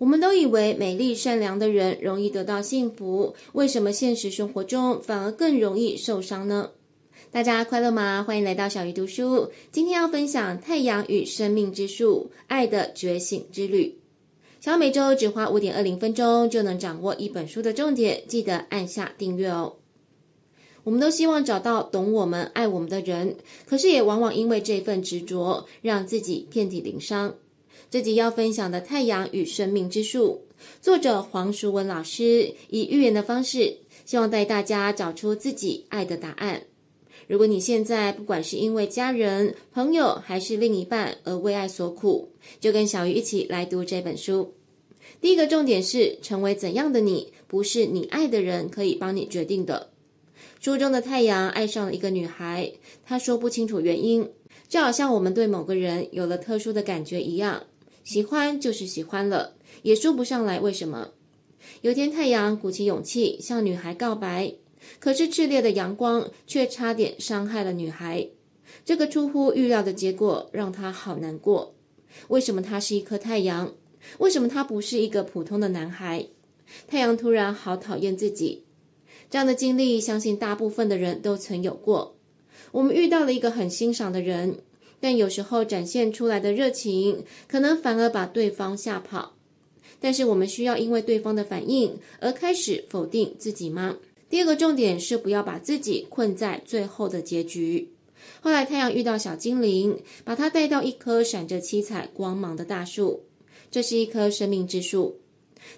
我們都以為美麗善良的人容易得到幸福，為什麼現實生活中反而更容易受傷呢？大家快樂嗎？歡迎來到小魚讀書。今天要分享《太陽與生命之樹：愛的覺醒之旅》。想要每週只花五點二零分鐘就能掌握一本書的重點，記得按下訂閱哦。我們都希望找到懂我們、愛我們的人，可是也往往因為這份執着，讓自己遍體鱗傷。這集要分享的《太陽與生命之樹》，作者黃淑文老師以寓言的方式，希望帶大家找出自己愛的答案。如果你現在不管是因為家人、朋友，還是另一半而為愛所苦，就跟小魚一起來讀這本書。第一個重點是，成為怎樣的你，不是你愛的人可以幫你決定的。書中的太陽愛上了一個女孩，她說不清楚原因，就好像我們對某個人有了特殊的感覺一樣。喜歡就是喜歡了，也說不上來為什麼。有天，太陽鼓起勇氣向女孩告白，可是熾烈的陽光卻差點傷害了女孩。這個出乎預料的結果讓他好難過。為什麼他是一顆太陽？為什麼他不是一個普通的男孩？太陽突然好討厭自己。這樣的經歷，相信大部分的人都曾有過。我們遇到了一個很欣賞的人。但有時候展現出來的熱情，可能反而把對方嚇跑。但是我們需要因為對方的反應而開始否定自己嗎？第二個重點是不要把自己困在最後的結局。後來太陽遇到小精靈，把它帶到一棵閃着七彩光芒的大樹。這是一棵生命之樹。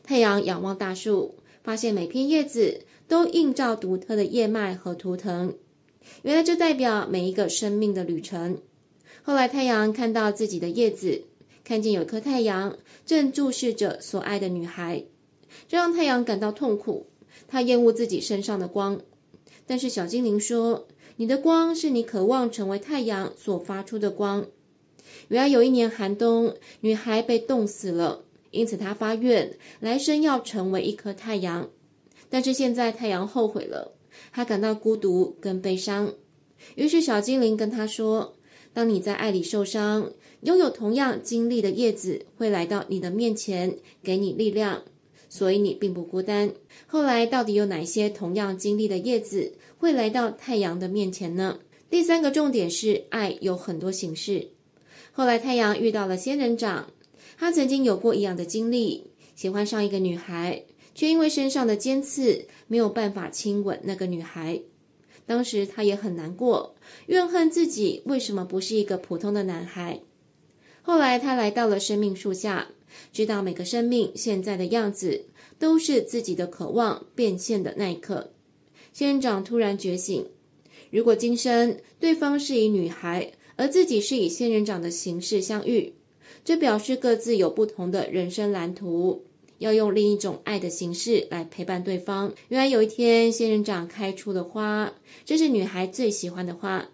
太陽仰望大樹，發現每片葉子都映照獨特的葉脈和圖騰。原來這代表每一個生命的旅程。後來，太陽看到自己的葉子，看見有顆太陽正注視着所愛的女孩，這讓太陽感到痛苦。他厭惡自己身上的光，但是小精靈說：“你的光是你渴望成為太陽所發出的光。”原來有一年寒冬，女孩被凍死了，因此她發願來生要成為一顆太陽。但是現在太陽後悔了，他感到孤獨跟悲傷，於是小精靈跟他說。當你在愛裡受傷，擁有同樣經歷的葉子會來到你的面前，給你力量，所以你並不孤單。後來到底有哪些同樣經歷的葉子會來到太陽的面前呢？第三個重點是，愛有很多形式。後來太陽遇到了仙人掌，他曾經有過一樣的經歷，喜歡上一個女孩，却因為身上的尖刺沒有辦法親吻那個女孩。當時他也很難過，怨恨自己為什麼不是一個普通的男孩。後來他來到了生命樹下，知道每個生命現在的樣子都是自己的渴望變現的那一刻。仙人掌突然覺醒：如果今生對方是以女孩，而自己是以仙人掌的形式相遇，這表示各自有不同的人生藍圖。要用另一種愛的形式來陪伴對方。原來有一天，仙人掌開出了花，這是女孩最喜歡的花。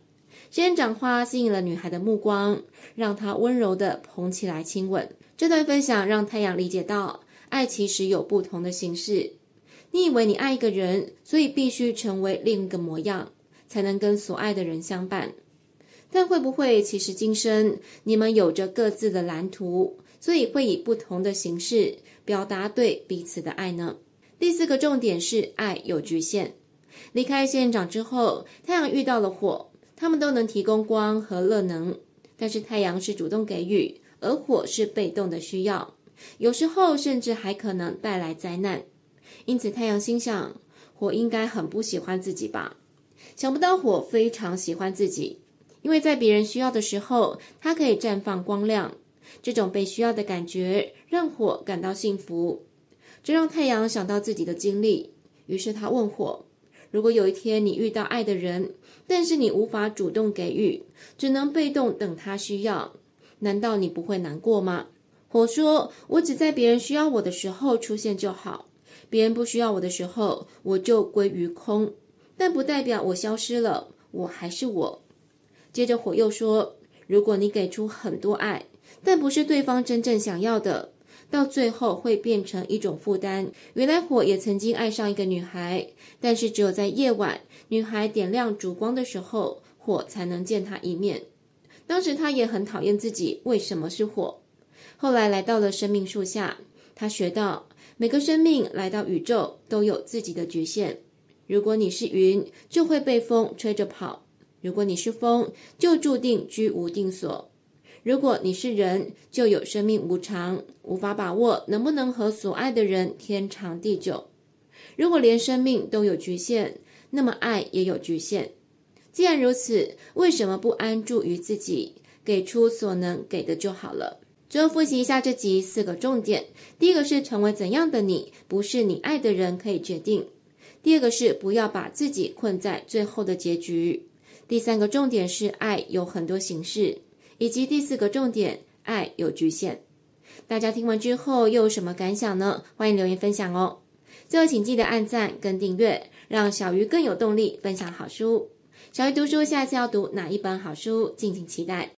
仙人掌花吸引了女孩的目光，讓她溫柔地捧起來親吻。這段分享讓太陽理解到，愛其實有不同的形式。你以為你愛一個人，所以必須成為另一個模樣，才能跟所愛的人相伴。但會不會，其實今生你們有着各自的藍圖？所以會以不同的形式表達對彼此的愛呢。第四個重點是愛有局限。離開仙人掌之後，太陽遇到了火，他們都能提供光和熱能。但是太陽是主動給予，而火是被動的需要。有時候甚至還可能帶來災難。因此，太陽心想：火應該很不喜歡自己吧？想不到火非常喜歡自己，因為在別人需要的時候，它可以綻放光亮。這種被需要的感覺讓火感到幸福，這讓太陽想到自己的經歷，於是他問火：“如果有一天你遇到愛的人，但是你無法主動給予，只能被動等他需要，難道你不會難過嗎？”火說：“我只在別人需要我的時候出現就好，別人不需要我的時候，我就歸於空，但不代表我消失了，我還是我。”接着火又說：“如果你給出很多愛。”但不是對方真正想要的，到最後會變成一種負擔。原來火也曾經愛上一個女孩，但是只有在夜晚，女孩點亮燭光的時候，火才能見她一面。當時他也很討厭自己為什麼是火。後來來到了生命樹下，他學到每個生命來到宇宙都有自己的局限。如果你是雲，就會被風吹着跑；如果你是風，就注定居無定所。如果你是人，就有生命無常，無法把握能不能和所愛的人天長地久。如果連生命都有局限，那麼愛也有局限。既然如此，為什麼不安住於自己，給出所能給的就好了？最後復習一下這集四個重點：第一個是成為怎樣的你，不是你愛的人可以決定；第二個是不要把自己困在最後的結局；第三個重點是愛有很多形式。以及第四個重點，愛有局限。大家聽完之後又有什麼感想呢？歡迎留言分享哦。最後，請記得按讚跟訂閱，讓小魚更有動力分享好書。小魚讀書下次要讀哪一本好書，敬請期待。